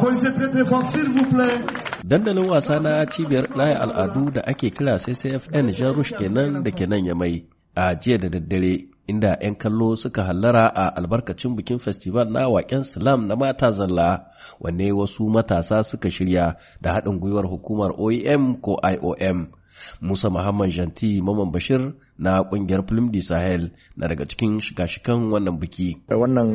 Applaudissez très très fort s'il vous Dandalin wasa na cibiyar ɗaya al'adu da ake kira CCFN Jean Rouge kenan da ke nan ya mai a jiya da daddare inda 'yan kallo suka hallara a albarkacin bikin festival na Waƙen salam na mata zalla wanne wasu matasa suka shirya da haɗin gwiwar hukumar oem ko iom musa muhammad janti maman bashir na kungiyar film sahel na daga cikin shiga shikan wannan biki wannan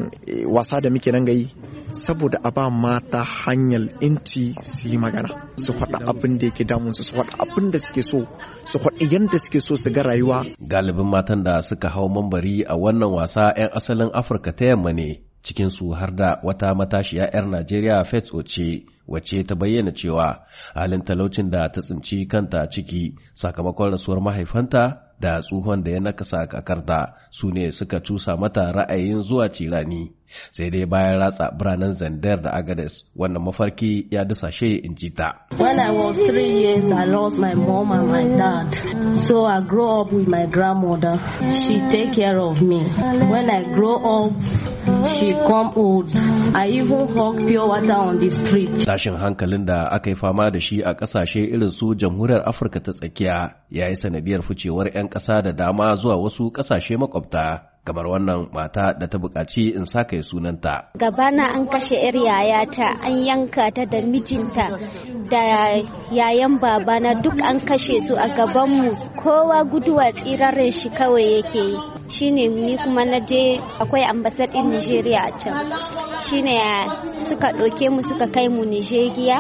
wasa da muke nan gai saboda a ba mata hanyar inci su yi magana su faɗa abin da yake damun su faɗa abin da suke so su faɗi yadda suke so su ga rayuwa galibin matan da suka hau mambari a wannan wasa 'yan asalin afirka ta yamma ne cikin su har da wata matashiya 'yar najeriya faith oce wacce ta bayyana cewa halin talaucin da ta tsinci kanta ciki sakamakon rasuwar mahaifanta da tsohon da ya nakasa kakarta su ne suka cusa mata ra'ayin zuwa cirani sai dai bayan ratsa biranen zandar da agades wannan mafarki ya dusashe in ji ta when i was three years i lost my mom and my dad so i grow up with my grandmother she take care of me when i grow up she come old i even hug pure water on the street tashin hankalin da aka yi fama da shi a kasashe irin su jamhuriyar afirka ta tsakiya ya yi sanadiyar ficewar 'yan ƙasa da dama zuwa wasu ƙasashe makwabta kamar wannan mata da ta buƙaci in sa kai sunanta. Gabana an kashe 'yar yayata an yanka ta da mijinta da yayan babana duk an kashe su a gaban mu kowa guduwa tsirarin shi kawai yake yi shine ni kuma na je akwai ambasadin nigeria a can shine suka ɗauke mu suka kai mu nigeria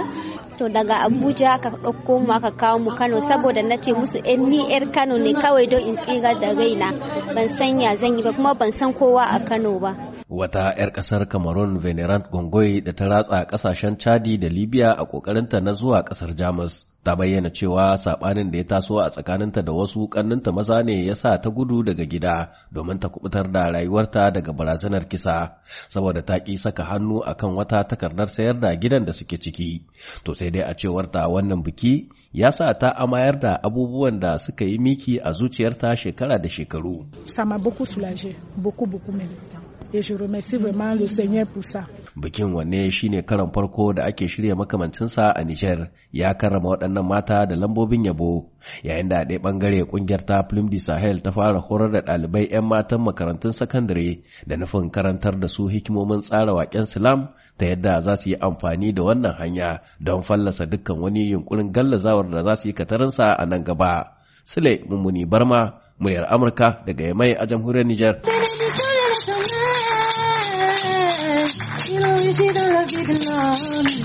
to daga abuja ka ɗauko mu aka kawo mu kano saboda na ce musu yan eh, ni yar kano ne kawai don in tsira da raina ban sanya zan yi ba kuma ban san kowa a kano ba Wata 'yar ƙasar Cameroon Venerant Gongoy da ta ratsa ƙasashen Chadi da Libya a ƙoƙarinta na zuwa ƙasar Jamus. Ta bayyana cewa saɓanin da ya taso a tsakaninta da wasu ƙanninta maza ne ya sa ta gudu daga gida domin ta kubutar da rayuwarta daga barazanar kisa, saboda ta ƙi saka hannu a kan wata takardar sayar da gidan da suke ciki. To sai dai a cewar ta wannan biki ya sa ta amayar da abubuwan da suka yi miki a zuciyarta shekara da shekaru. Sama buku buku buku mai. et je remercie vraiment le Seigneur pour ça. Bikin wanne shine karan farko da ake shirya makamancinsa a niger ya karrama waɗannan mata da lambobin yabo yayin da a ɗaya ɓangare ƙungiyar ta Plume du Sahel ta fara horar da ɗalibai 'yan matan makarantun sakandare da nufin karantar da su hikimomin tsara waƙen silam ta yadda za su yi amfani da wannan hanya don fallasa dukkan wani yunkurin gallazawar da za su yi katarinsa a nan gaba. Sule Mummuni Barma, muryar Amurka daga Yamai a jamhuriyar Nijar.